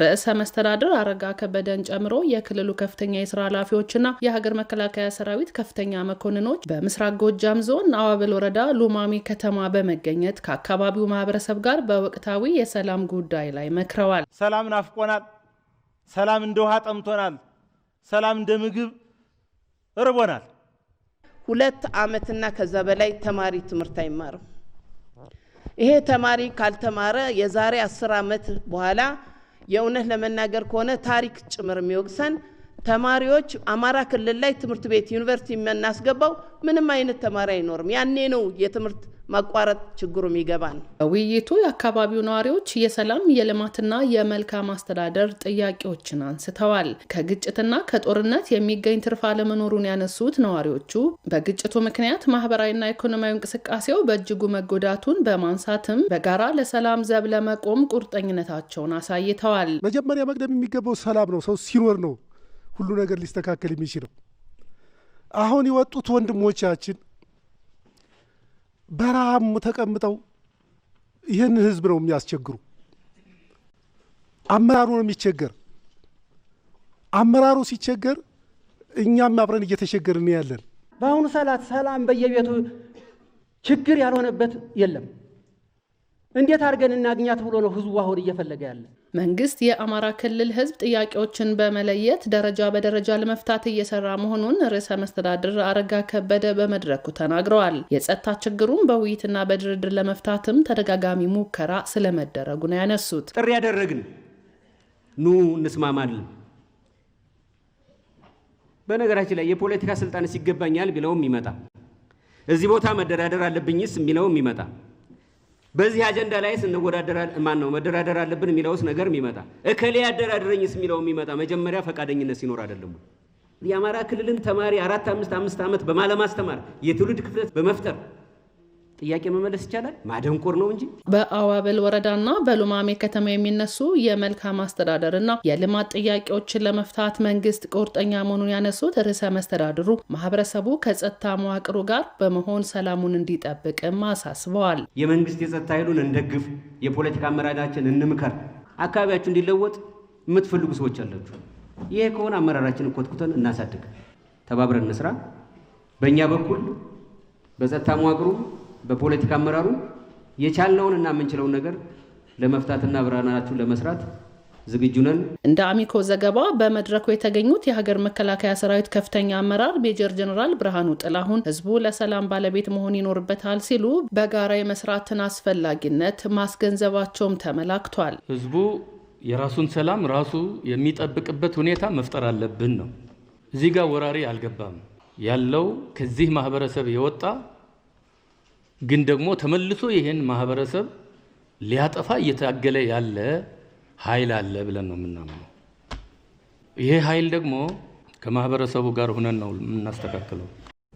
ርዕሰ መስተዳድር አረጋ ከበደን ጨምሮ የክልሉ ከፍተኛ የስራ ኃላፊዎችና የሀገር መከላከያ ሰራዊት ከፍተኛ መኮንኖች በምስራቅ ጎጃም ዞን አዋበል ወረዳ ሉማሜ ከተማ በመገኘት ከአካባቢው ማህበረሰብ ጋር በወቅታዊ የሰላም ጉዳይ ላይ መክረዋል። ሰላም ናፍቆናል። ሰላም እንደ ውሃ ጠምቶናል። ሰላም እንደ ምግብ እርቦናል። ሁለት ዓመትና ከዛ በላይ ተማሪ ትምህርት አይማርም። ይሄ ተማሪ ካልተማረ የዛሬ አስር ዓመት በኋላ የእውነት ለመናገር ከሆነ ታሪክ ጭምር የሚወቅሰን ተማሪዎች አማራ ክልል ላይ ትምህርት ቤት ዩኒቨርሲቲ የምናስገባው ምንም አይነት ተማሪ አይኖርም። ያኔ ነው የትምህርት ማቋረጥ ችግሩ ይገባል። በውይይቱ የአካባቢው ነዋሪዎች የሰላም የልማትና የመልካም አስተዳደር ጥያቄዎችን አንስተዋል። ከግጭትና ከጦርነት የሚገኝ ትርፍ አለመኖሩን ያነሱት ነዋሪዎቹ በግጭቱ ምክንያት ማህበራዊና ኢኮኖሚያዊ እንቅስቃሴው በእጅጉ መጎዳቱን በማንሳትም በጋራ ለሰላም ዘብ ለመቆም ቁርጠኝነታቸውን አሳይተዋል። መጀመሪያ መቅደም የሚገባው ሰላም ነው። ሰው ሲኖር ነው ሁሉ ነገር ሊስተካከል የሚችለው። አሁን የወጡት ወንድሞቻችን በረሃብ ተቀምጠው ይህን ህዝብ ነው የሚያስቸግሩ። አመራሩ ነው የሚቸገር። አመራሩ ሲቸገር እኛም አብረን እየተቸገርን ያለን። በአሁኑ ሰላት ሰላም በየቤቱ ችግር ያልሆነበት የለም። እንዴት አድርገን እናግኛት ብሎ ነው ህዝቡ አሁን እየፈለገ ያለን። መንግስት የአማራ ክልል ህዝብ ጥያቄዎችን በመለየት ደረጃ በደረጃ ለመፍታት እየሰራ መሆኑን ርዕሰ መስተዳድር አረጋ ከበደ በመድረኩ ተናግረዋል። የጸጥታ ችግሩን በውይይትና በድርድር ለመፍታትም ተደጋጋሚ ሙከራ ስለመደረጉ ነው ያነሱት። ጥሪ ያደረግን ኑ እንስማማለን። በነገራችን ላይ የፖለቲካ ስልጣንስ ይገባኛል ቢለውም ይመጣ፣ እዚህ ቦታ መደራደር አለብኝስ የሚለውም ይመጣ በዚህ አጀንዳ ላይስ እንወዳደራል ማን ነው መደራደር አለብን የሚለውስ ነገር የሚመጣ እከሌ ያደራድረኝስ የሚለው የሚመጣ መጀመሪያ ፈቃደኝነት ሲኖር አይደለም። የአማራ ክልልን ተማሪ አራት አምስት አምስት ዓመት በማለማስተማር የትውልድ ክፍተት በመፍጠር ጥያቄ መመለስ ይቻላል። ማደንቆር ነው እንጂ። በአዋበል ወረዳና በሉማሜ ከተማ የሚነሱ የመልካም አስተዳደርና የልማት ጥያቄዎችን ለመፍታት መንግስት ቁርጠኛ መሆኑን ያነሱት ርዕሰ መስተዳድሩ ማህበረሰቡ ከጸጥታ መዋቅሩ ጋር በመሆን ሰላሙን እንዲጠብቅም አሳስበዋል። የመንግስት የጸጥታ ኃይሉን እንደግፍ፣ የፖለቲካ አመራዳችን እንምከር፣ አካባቢያችሁ እንዲለወጥ የምትፈልጉ ሰዎች አላችሁ። ይሄ ከሆነ አመራራችን ኮትኩተን እናሳድግ፣ ተባብረን እንስራ። በእኛ በኩል በጸጥታ መዋቅሩ በፖለቲካ አመራሩ የቻልነውን እና የምንችለውን ነገር ለመፍታትና ብርሃናችሁን ለመስራት ዝግጁ ነን። እንደ አሚኮ ዘገባ በመድረኩ የተገኙት የሀገር መከላከያ ሰራዊት ከፍተኛ አመራር ሜጀር ጀነራል ብርሃኑ ጥላሁን ህዝቡ ለሰላም ባለቤት መሆን ይኖርበታል ሲሉ በጋራ የመስራትን አስፈላጊነት ማስገንዘባቸውም ተመላክቷል። ህዝቡ የራሱን ሰላም ራሱ የሚጠብቅበት ሁኔታ መፍጠር አለብን ነው። እዚህ ጋር ወራሪ አልገባም ያለው ከዚህ ማህበረሰብ የወጣ ግን ደግሞ ተመልሶ ይሄን ማህበረሰብ ሊያጠፋ እየታገለ ያለ ኃይል አለ ብለን ነው የምናምነው። ይሄ ኃይል ደግሞ ከማህበረሰቡ ጋር ሆነን ነው የምናስተካክለው።